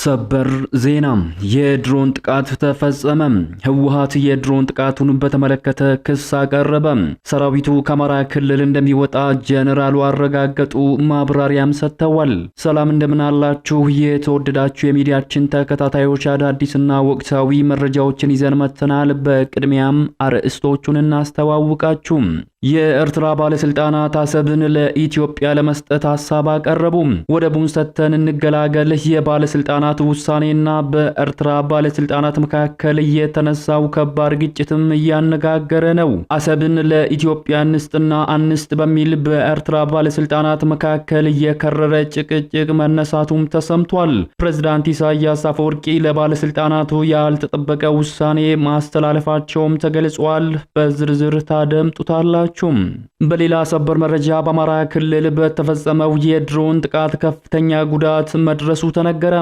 ሰበር ዜና የድሮን ጥቃት ተፈጸመ። ህወሓት የድሮን ጥቃቱን በተመለከተ ክስ አቀረበ። ሰራዊቱ ከአማራ ክልል እንደሚወጣ ጀነራሉ አረጋገጡ። ማብራሪያም ሰጥተዋል። ሰላም እንደምናላችሁ የተወደዳችሁ የሚዲያችን ተከታታዮች፣ አዳዲስና ወቅታዊ መረጃዎችን ይዘን መጥተናል። በቅድሚያም አርዕስቶቹን እናስተዋውቃችሁ። የኤርትራ ባለስልጣናት አሰብን ለኢትዮጵያ ለመስጠት ሀሳብ አቀረቡም። ወደቡን ሰጥተን እንገላገል የባለስልጣናት ውሳኔና በኤርትራ ባለስልጣናት መካከል የተነሳው ከባድ ግጭትም እያነጋገረ ነው። አሰብን ለኢትዮጵያ እንስጥና አንስጥ በሚል በኤርትራ ባለስልጣናት መካከል የከረረ ጭቅጭቅ መነሳቱም ተሰምቷል። ፕሬዝዳንት ኢሳያስ አፈወርቂ ለባለስልጣናቱ ያልተጠበቀ ውሳኔ ማስተላለፋቸውም ተገልጿል። በዝርዝር ታደምጡታላችሁ። አላችሁም። በሌላ ሰበር መረጃ በአማራ ክልል በተፈጸመው የድሮን ጥቃት ከፍተኛ ጉዳት መድረሱ ተነገረ።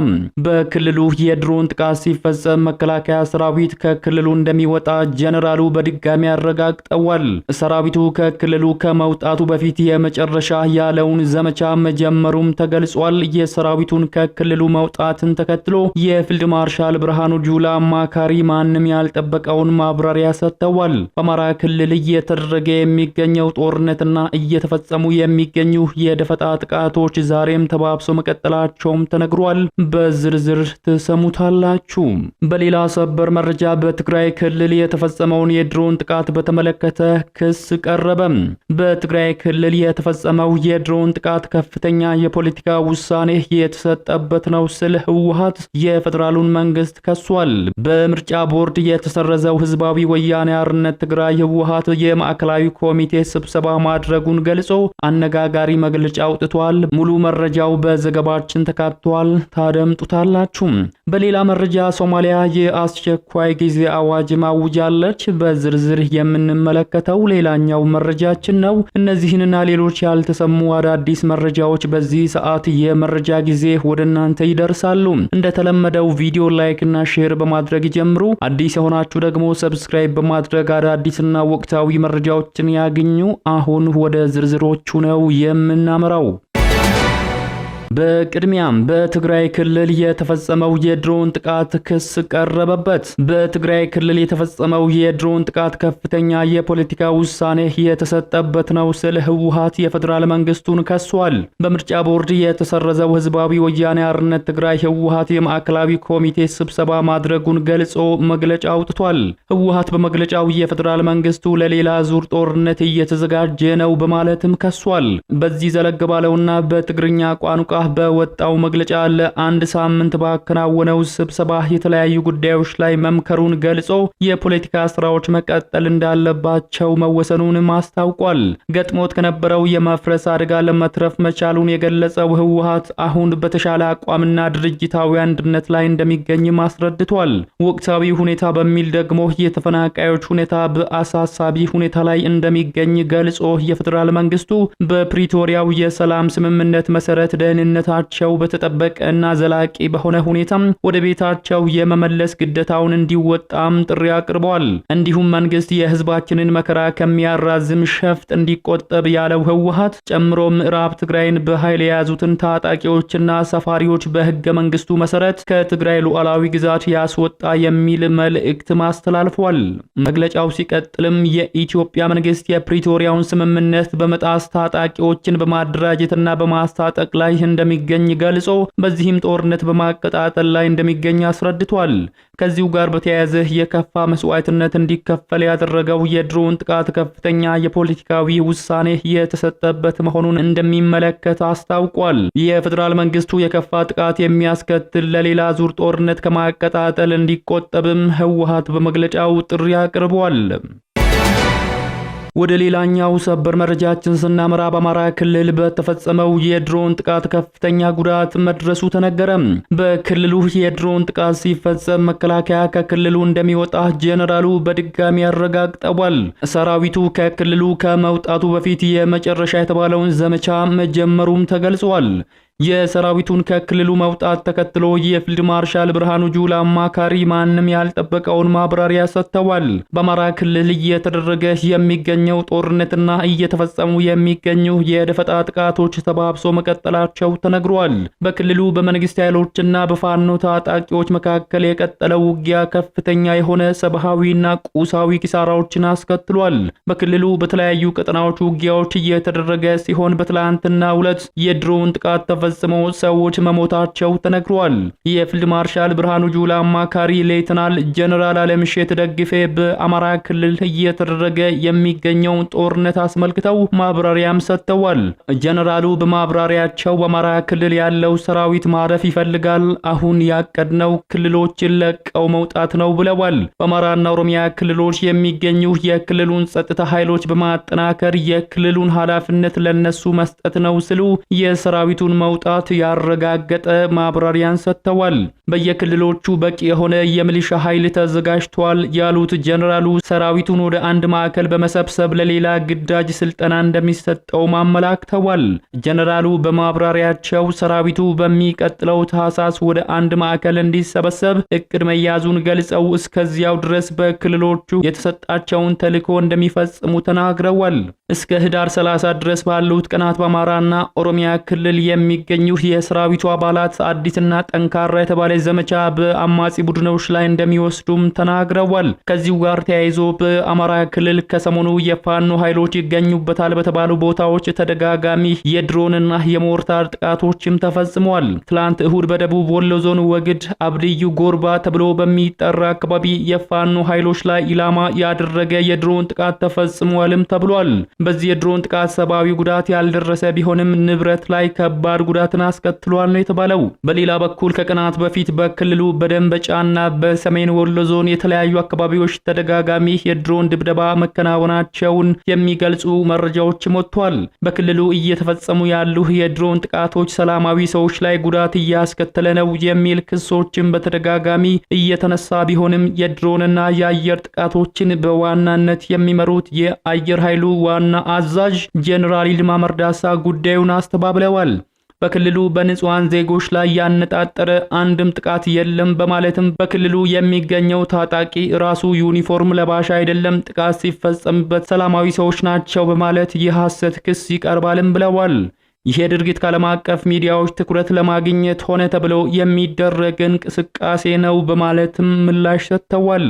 በክልሉ የድሮን ጥቃት ሲፈጸም መከላከያ ሰራዊት ከክልሉ እንደሚወጣ ጀነራሉ በድጋሚ አረጋግጠዋል። ሰራዊቱ ከክልሉ ከመውጣቱ በፊት የመጨረሻ ያለውን ዘመቻ መጀመሩም ተገልጿል። የሰራዊቱን ከክልሉ መውጣትን ተከትሎ የፊልድ ማርሻል ብርሃኑ ጁላ አማካሪ ማንም ያልጠበቀውን ማብራሪያ ሰጥተዋል። በአማራ ክልል እየተደረገ የሚ የሚገኘው ጦርነትና እየተፈጸሙ የሚገኙ የደፈጣ ጥቃቶች ዛሬም ተባብሶ መቀጠላቸውም ተነግሯል። በዝርዝር ትሰሙታላችሁ። በሌላ ሰበር መረጃ በትግራይ ክልል የተፈጸመውን የድሮን ጥቃት በተመለከተ ክስ ቀረበ። በትግራይ ክልል የተፈጸመው የድሮን ጥቃት ከፍተኛ የፖለቲካ ውሳኔ የተሰጠበት ነው ስል ህወሓት የፌዴራሉን መንግስት ከሷል። በምርጫ ቦርድ የተሰረዘው ህዝባዊ ወያኔ አርነት ትግራይ ህወሓት የማዕከላዊ ኮሚቴ ስብሰባ ማድረጉን ገልጾ አነጋጋሪ መግለጫ አውጥቷል። ሙሉ መረጃው በዘገባችን ተካትቷል፣ ታደምጡታላችሁ። በሌላ መረጃ ሶማሊያ የአስቸኳይ ጊዜ አዋጅ ማውጃለች። በዝርዝር የምንመለከተው ሌላኛው መረጃችን ነው። እነዚህንና ሌሎች ያልተሰሙ አዳዲስ መረጃዎች በዚህ ሰዓት የመረጃ ጊዜ ወደ እናንተ ይደርሳሉ። እንደተለመደው ቪዲዮ ላይክና ሼር በማድረግ ጀምሩ። አዲስ የሆናችሁ ደግሞ ሰብስክራይብ በማድረግ አዳዲስና ወቅታዊ መረጃዎችን እንደሚያገኙ አሁን ወደ ዝርዝሮቹ ነው የምናመራው። በቅድሚያም በትግራይ ክልል የተፈጸመው የድሮን ጥቃት ክስ ቀረበበት። በትግራይ ክልል የተፈጸመው የድሮን ጥቃት ከፍተኛ የፖለቲካ ውሳኔ የተሰጠበት ነው ስል ህወሓት የፌዴራል መንግስቱን ከሷል። በምርጫ ቦርድ የተሰረዘው ህዝባዊ ወያኔ አርነት ትግራይ ህወሓት የማዕከላዊ ኮሚቴ ስብሰባ ማድረጉን ገልጾ መግለጫ አውጥቷል። ህወሓት በመግለጫው የፌዴራል መንግስቱ ለሌላ ዙር ጦርነት እየተዘጋጀ ነው በማለትም ከሷል። በዚህ ዘለግ ባለውና በትግርኛ ቋንቋ ፋታህ በወጣው መግለጫ ለአንድ ሳምንት ባከናወነው ስብሰባ የተለያዩ ጉዳዮች ላይ መምከሩን ገልጾ የፖለቲካ ስራዎች መቀጠል እንዳለባቸው መወሰኑንም አስታውቋል። ገጥሞት ከነበረው የመፍረስ አደጋ ለመትረፍ መቻሉን የገለጸው ህወሓት አሁን በተሻለ አቋምና ድርጅታዊ አንድነት ላይ እንደሚገኝም አስረድቷል። ወቅታዊ ሁኔታ በሚል ደግሞ የተፈናቃዮች ሁኔታ በአሳሳቢ ሁኔታ ላይ እንደሚገኝ ገልጾ የፌዴራል መንግስቱ በፕሪቶሪያው የሰላም ስምምነት መሰረት ደህንን ደህንነታቸው በተጠበቀ እና ዘላቂ በሆነ ሁኔታ ወደ ቤታቸው የመመለስ ግዴታውን እንዲወጣም ጥሪ አቅርበዋል። እንዲሁም መንግስት የህዝባችንን መከራ ከሚያራዝም ሸፍጥ እንዲቆጠብ ያለው ህወሀት ጨምሮ ምዕራብ ትግራይን በኃይል የያዙትን ታጣቂዎችና ሰፋሪዎች በህገ መንግስቱ መሰረት ከትግራይ ሉዓላዊ ግዛት ያስወጣ የሚል መልእክት አስተላልፏል። መግለጫው ሲቀጥልም የኢትዮጵያ መንግስት የፕሪቶሪያውን ስምምነት በመጣስ ታጣቂዎችን በማደራጀትና በማስታጠቅ ላይ እንደሚገኝ ገልጾ በዚህም ጦርነት በማቀጣጠል ላይ እንደሚገኝ አስረድቷል። ከዚሁ ጋር በተያያዘ የከፋ መስዋዕትነት እንዲከፈል ያደረገው የድሮን ጥቃት ከፍተኛ የፖለቲካዊ ውሳኔ የተሰጠበት መሆኑን እንደሚመለከት አስታውቋል። የፌዴራል መንግስቱ የከፋ ጥቃት የሚያስከትል ለሌላ ዙር ጦርነት ከማቀጣጠል እንዲቆጠብም ህወሓት በመግለጫው ጥሪ አቅርቧል። ወደ ሌላኛው ሰበር መረጃችን ስናመራ በአማራ ክልል በተፈጸመው የድሮን ጥቃት ከፍተኛ ጉዳት መድረሱ ተነገረ። በክልሉ የድሮን ጥቃት ሲፈጸም መከላከያ ከክልሉ እንደሚወጣ ጄኔራሉ በድጋሚ አረጋግጠዋል። ሰራዊቱ ከክልሉ ከመውጣቱ በፊት የመጨረሻ የተባለውን ዘመቻ መጀመሩም ተገልጿል። የሰራዊቱን ከክልሉ መውጣት ተከትሎ የፊልድ ማርሻል ብርሃኑ ጁላ አማካሪ ማንም ያልጠበቀውን ማብራሪያ ሰጥተዋል። በአማራ ክልል እየተደረገ የሚገኘው ጦርነትና እየተፈጸሙ የሚገኙ የደፈጣ ጥቃቶች ተባብሶ መቀጠላቸው ተነግሯል። በክልሉ በመንግስት ኃይሎችና በፋኖ ታጣቂዎች መካከል የቀጠለው ውጊያ ከፍተኛ የሆነ ሰብአዊና ቁሳዊ ኪሳራዎችን አስከትሏል። በክልሉ በተለያዩ ቀጠናዎች ውጊያዎች እየተደረገ ሲሆን በትላንትና ሁለት የድሮውን ጥቃት ተፈ ፈጽሞ ሰዎች መሞታቸው ተነግሯል። የፊልድ ማርሻል ብርሃኑ ጁላ አማካሪ ሌተናል ጀነራል አለምሸት ደግፌ በአማራ ክልል እየተደረገ የሚገኘው ጦርነት አስመልክተው ማብራሪያም ሰጥተዋል። ጀነራሉ በማብራሪያቸው በአማራ ክልል ያለው ሰራዊት ማረፍ ይፈልጋል። አሁን ያቀድነው ክልሎችን ለቀው መውጣት ነው ብለዋል። በአማራና ኦሮሚያ ክልሎች የሚገኙ የክልሉን ጸጥታ ኃይሎች በማጠናከር የክልሉን ኃላፊነት ለነሱ መስጠት ነው ሲሉ የሰራዊቱን መውጣት መውጣት ያረጋገጠ ማብራሪያን ሰጥተዋል። በየክልሎቹ በቂ የሆነ የሚሊሻ ኃይል ተዘጋጅቷል ያሉት ጀኔራሉ ሰራዊቱን ወደ አንድ ማዕከል በመሰብሰብ ለሌላ ግዳጅ ስልጠና እንደሚሰጠውም አመላክተዋል። ጀኔራሉ በማብራሪያቸው ሰራዊቱ በሚቀጥለው ታህሳስ ወደ አንድ ማዕከል እንዲሰበሰብ እቅድ መያዙን ገልጸው እስከዚያው ድረስ በክልሎቹ የተሰጣቸውን ተልዕኮ እንደሚፈጽሙ ተናግረዋል። እስከ ህዳር 30 ድረስ ባሉት ቀናት በአማራና ኦሮሚያ ክልል የሚገ የሚገኙት የሰራዊቱ አባላት አዲስና ጠንካራ የተባለ ዘመቻ በአማጺ ቡድኖች ላይ እንደሚወስዱም ተናግረዋል። ከዚሁ ጋር ተያይዞ በአማራ ክልል ከሰሞኑ የፋኖ ኃይሎች ይገኙበታል በተባሉ ቦታዎች ተደጋጋሚ የድሮንና የሞርታር ጥቃቶችም ተፈጽመዋል። ትላንት እሁድ በደቡብ ወሎ ዞን ወግድ አብድዩ ጎርባ ተብሎ በሚጠራ አካባቢ የፋኖ ኃይሎች ላይ ኢላማ ያደረገ የድሮን ጥቃት ተፈጽሟልም ተብሏል። በዚህ የድሮን ጥቃት ሰብአዊ ጉዳት ያልደረሰ ቢሆንም ንብረት ላይ ከባድ ጉዳትን አስከትሏል ነው የተባለው። በሌላ በኩል ከቀናት በፊት በክልሉ በደንበጫና በሰሜን ወሎ ዞን የተለያዩ አካባቢዎች ተደጋጋሚ የድሮን ድብደባ መከናወናቸውን የሚገልጹ መረጃዎችም ወጥቷል። በክልሉ እየተፈጸሙ ያሉ የድሮን ጥቃቶች ሰላማዊ ሰዎች ላይ ጉዳት እያስከተለ ነው የሚል ክሶችን በተደጋጋሚ እየተነሳ ቢሆንም የድሮንና የአየር ጥቃቶችን በዋናነት የሚመሩት የአየር ኃይሉ ዋና አዛዥ ጄኔራል ይልማ መርዳሳ ጉዳዩን አስተባብለዋል። በክልሉ በንጹሐን ዜጎች ላይ ያነጣጠረ አንድም ጥቃት የለም በማለትም በክልሉ የሚገኘው ታጣቂ ራሱ ዩኒፎርም ለባሽ አይደለም፣ ጥቃት ሲፈጸምበት ሰላማዊ ሰዎች ናቸው በማለት የሐሰት ክስ ይቀርባልም ብለዋል። ይሄ ድርጊት ከዓለም አቀፍ ሚዲያዎች ትኩረት ለማግኘት ሆነ ተብሎ የሚደረግ እንቅስቃሴ ነው በማለትም ምላሽ ሰጥተዋል።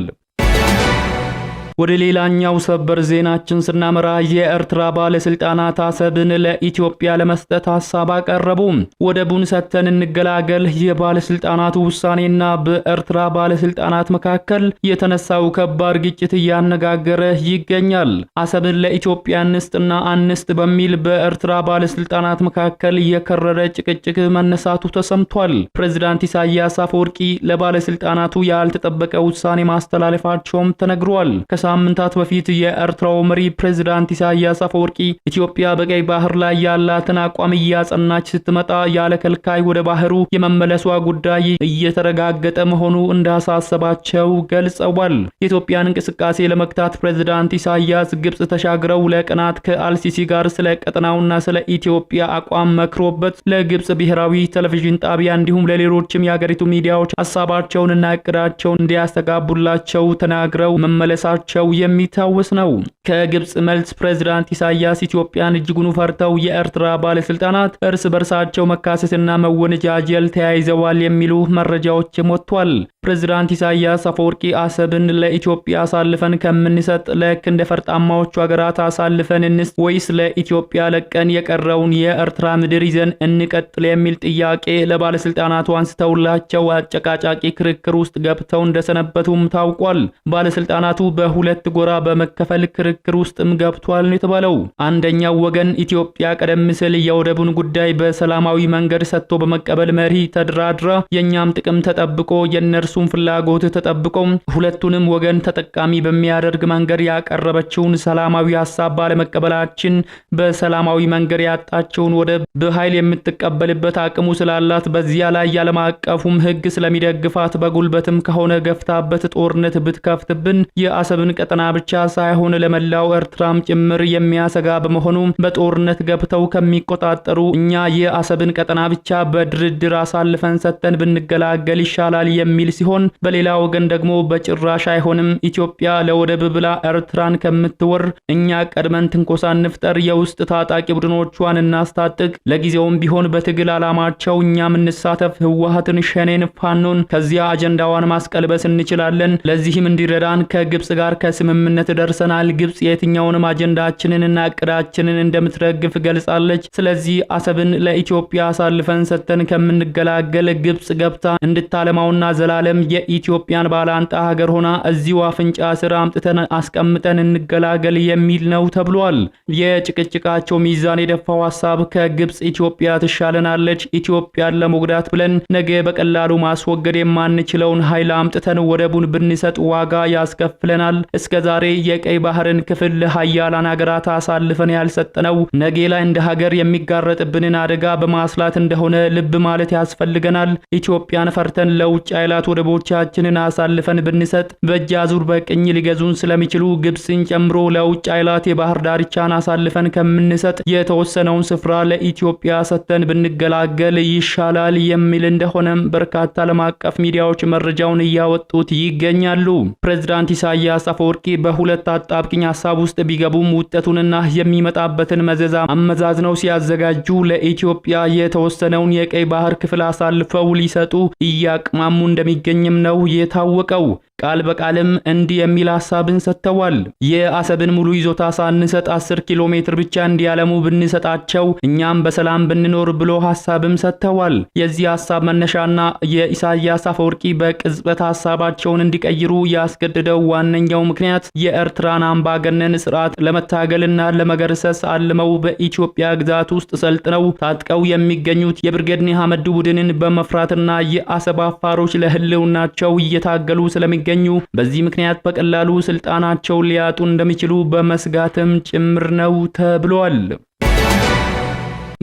ወደ ሌላኛው ሰበር ዜናችን ስናመራ የኤርትራ ባለስልጣናት አሰብን ለኢትዮጵያ ለመስጠት ሀሳብ አቀረቡ። ወደቡን ሰጥተን እንገላገል የባለስልጣናቱ ውሳኔና በኤርትራ ባለስልጣናት መካከል የተነሳው ከባድ ግጭት እያነጋገረ ይገኛል። አሰብን ለኢትዮጵያ እንስጥና አንስጥ በሚል በኤርትራ ባለስልጣናት መካከል የከረረ ጭቅጭቅ መነሳቱ ተሰምቷል። ፕሬዚዳንት ኢሳያስ አፈወርቂ ለባለስልጣናቱ ያልተጠበቀ ውሳኔ ማስተላለፋቸውም ተነግሯል። ከሳምንታት በፊት የኤርትራው መሪ ፕሬዝዳንት ኢሳያስ አፈወርቂ ኢትዮጵያ በቀይ ባህር ላይ ያላትን አቋም እያጸናች ስትመጣ ያለ ከልካይ ወደ ባህሩ የመመለሷ ጉዳይ እየተረጋገጠ መሆኑ እንዳሳሰባቸው ገልጸዋል። የኢትዮጵያን እንቅስቃሴ ለመግታት ፕሬዝዳንት ኢሳያስ ግብጽ ተሻግረው ለቀናት ከአልሲሲ ጋር ስለ ቀጠናውና ስለ ኢትዮጵያ አቋም መክሮበት ለግብጽ ብሔራዊ ቴሌቪዥን ጣቢያ እንዲሁም ለሌሎችም የሀገሪቱ ሚዲያዎች ሀሳባቸውን እና እቅዳቸውን እንዲያስተጋቡላቸው ተናግረው መመለሳቸው መሆናቸው የሚታወስ ነው። ከግብጽ መልስ ፕሬዝዳንት ኢሳያስ ኢትዮጵያን እጅጉን ፈርተው የኤርትራ ባለስልጣናት እርስ በርሳቸው መካሰስና መወነጃጀል ተያይዘዋል የሚሉ መረጃዎችም ወጥቷል። ፕሬዝዳንት ኢሳያስ አፈወርቂ አሰብን ለኢትዮጵያ አሳልፈን ከምንሰጥ ለክ እንደ ፈርጣማዎቹ ሀገራት አሳልፈን እንስጥ ወይስ ለኢትዮጵያ ለቀን የቀረውን የኤርትራ ምድር ይዘን እንቀጥል የሚል ጥያቄ ለባለስልጣናቱ አንስተውላቸው አጨቃጫቂ ክርክር ውስጥ ገብተው እንደሰነበቱም ታውቋል። ባለስልጣናቱ በሁለት ጎራ በመከፈል ክርክር ውስጥም ገብቷል ነው የተባለው። አንደኛው ወገን ኢትዮጵያ ቀደም ሲል የወደቡን ጉዳይ በሰላማዊ መንገድ ሰጥቶ በመቀበል መሪ ተደራድራ የእኛም ጥቅም ተጠብቆ የነርሱ የእነርሱን ፍላጎት ተጠብቆ ሁለቱንም ወገን ተጠቃሚ በሚያደርግ መንገድ ያቀረበችውን ሰላማዊ ሀሳብ ባለመቀበላችን በሰላማዊ መንገድ ያጣቸውን ወደብ በኃይል የምትቀበልበት አቅሙ ስላላት በዚያ ላይ ያለም አቀፉም ሕግ ስለሚደግፋት በጉልበትም ከሆነ ገፍታበት ጦርነት ብትከፍትብን የአሰብን ቀጠና ብቻ ሳይሆን ለመላው ኤርትራም ጭምር የሚያሰጋ በመሆኑ በጦርነት ገብተው ከሚቆጣጠሩ እኛ የአሰብን ቀጠና ብቻ በድርድር አሳልፈን ሰጥተን ብንገላገል ይሻላል የሚል ሲሆን በሌላ ወገን ደግሞ በጭራሽ አይሆንም፣ ኢትዮጵያ ለወደብ ብላ ኤርትራን ከምትወር እኛ ቀድመን ትንኮሳ እንፍጠር፣ የውስጥ ታጣቂ ቡድኖቿን እናስታጥቅ፣ ለጊዜውም ቢሆን በትግል ዓላማቸው እኛም እንሳተፍ፣ ህወሀትን፣ ሸኔን፣ ፋኖን ከዚያ አጀንዳዋን ማስቀልበስ እንችላለን። ለዚህም እንዲረዳን ከግብፅ ጋር ከስምምነት ደርሰናል። ግብፅ የትኛውንም አጀንዳችንንና እቅዳችንን እንደምትደግፍ ገልጻለች። ስለዚህ አሰብን ለኢትዮጵያ አሳልፈን ሰጥተን ከምንገላገል ግብፅ ገብታ እንድታለማውና ዘላለ ዓለም የኢትዮጵያን ባላንጣ ሀገር ሆና እዚሁ አፍንጫ ስር አምጥተን አስቀምጠን እንገላገል የሚል ነው ተብሏል። የጭቅጭቃቸው ሚዛን የደፋው ሀሳብ ከግብፅ ኢትዮጵያ ትሻለናለች፣ ኢትዮጵያን ለመጉዳት ብለን ነገ በቀላሉ ማስወገድ የማንችለውን ኃይል አምጥተን ወደቡን ብንሰጥ ዋጋ ያስከፍለናል። እስከ ዛሬ የቀይ ባህርን ክፍል ለሀያላን ሀገራት አሳልፈን ያልሰጠነው ነገ ላይ እንደ ሀገር የሚጋረጥብንን አደጋ በማስላት እንደሆነ ልብ ማለት ያስፈልገናል። ኢትዮጵያን ፈርተን ለውጭ ኃይላት ወደቦቻችንን አሳልፈን ብንሰጥ በእጅ አዙር በቅኝ ሊገዙን ስለሚችሉ ግብፅን ጨምሮ ለውጭ ኃይላት የባህር ዳርቻን አሳልፈን ከምንሰጥ የተወሰነውን ስፍራ ለኢትዮጵያ ሰጥተን ብንገላገል ይሻላል የሚል እንደሆነም በርካታ ዓለም አቀፍ ሚዲያዎች መረጃውን እያወጡት ይገኛሉ። ፕሬዝዳንት ኢሳያስ አፈወርቂ በሁለት አጣብቅኝ ሀሳብ ውስጥ ቢገቡም ውጤቱንና የሚመጣበትን መዘዛ አመዛዝነው ሲያዘጋጁ ለኢትዮጵያ የተወሰነውን የቀይ ባህር ክፍል አሳልፈው ሊሰጡ እያቅማሙ እንደሚገ እንደሚገኝም ነው የታወቀው። ቃል በቃልም እንዲህ የሚል ሐሳብን ሰጥተዋል። የአሰብን ሙሉ ይዞታ ሳንሰጥ 10 ኪሎ ሜትር ብቻ እንዲያለሙ ብንሰጣቸው እኛም በሰላም ብንኖር ብሎ ሐሳብም ሰጥተዋል። የዚህ ሐሳብ መነሻና የኢሳያስ አፈወርቂ በቅጽበት ሐሳባቸውን እንዲቀይሩ ያስገድደው ዋነኛው ምክንያት የኤርትራን አምባገነን ስርዓት ለመታገልና ለመገርሰስ አልመው በኢትዮጵያ ግዛት ውስጥ ሰልጥነው ታጥቀው የሚገኙት የብርጌድ ኒሃመዱ ቡድንን በመፍራትና የአሰብ አፋሮች ለህልውናቸው እየታገሉ ስለሚ ስለሚገኙ በዚህ ምክንያት በቀላሉ ስልጣናቸውን ሊያጡ እንደሚችሉ በመስጋትም ጭምር ነው ተብሏል።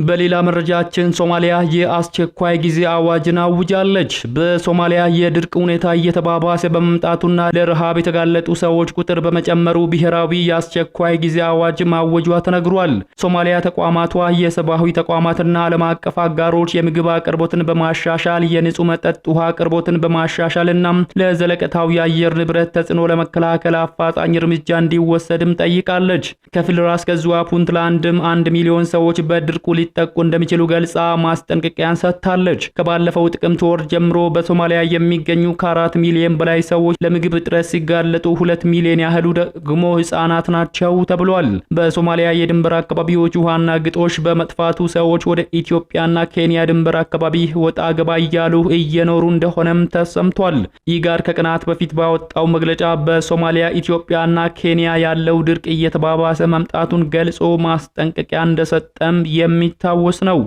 በሌላ መረጃችን ሶማሊያ የአስቸኳይ ጊዜ አዋጅን አውጃለች። በሶማሊያ የድርቅ ሁኔታ እየተባባሰ በመምጣቱና ለረሃብ የተጋለጡ ሰዎች ቁጥር በመጨመሩ ብሔራዊ የአስቸኳይ ጊዜ አዋጅ ማወጇ ተነግሯል። ሶማሊያ ተቋማቷ የሰብአዊ ተቋማትና ዓለም አቀፍ አጋሮች የምግብ አቅርቦትን በማሻሻል የንጹህ መጠጥ ውሃ አቅርቦትን በማሻሻልና ለዘለቀታዊ የአየር ንብረት ተጽዕኖ ለመከላከል አፋጣኝ እርምጃ እንዲወሰድም ጠይቃለች። ከፊል ራስ ገዟ ፑንትላንድም አንድ ሚሊዮን ሰዎች በድርቁ ሊጠቁ እንደሚችሉ ገልጻ ማስጠንቀቂያን ሰጥታለች። ከባለፈው ጥቅምት ወር ጀምሮ በሶማሊያ የሚገኙ ከአራት ሚሊዮን በላይ ሰዎች ለምግብ እጥረት ሲጋለጡ ሁለት ሚሊዮን ያህሉ ደግሞ ህጻናት ናቸው ተብሏል። በሶማሊያ የድንበር አካባቢዎች ውሃና ግጦሽ በመጥፋቱ ሰዎች ወደ ኢትዮጵያና ኬንያ ድንበር አካባቢ ወጣ ገባ እያሉ እየኖሩ እንደሆነም ተሰምቷል። ኢጋድ ከቀናት በፊት ባወጣው መግለጫ በሶማሊያ ኢትዮጵያና ኬንያ ያለው ድርቅ እየተባባሰ መምጣቱን ገልጾ ማስጠንቀቂያ እንደሰጠም የሚ የሚታወስ ነው።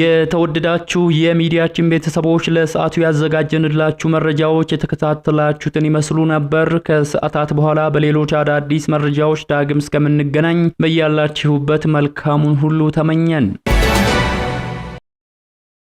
የተወደዳችሁ የሚዲያችን ቤተሰቦች ለሰዓቱ ያዘጋጀንላችሁ መረጃዎች የተከታተላችሁትን ይመስሉ ነበር። ከሰዓታት በኋላ በሌሎች አዳዲስ መረጃዎች ዳግም እስከምንገናኝ በያላችሁበት መልካሙን ሁሉ ተመኘን።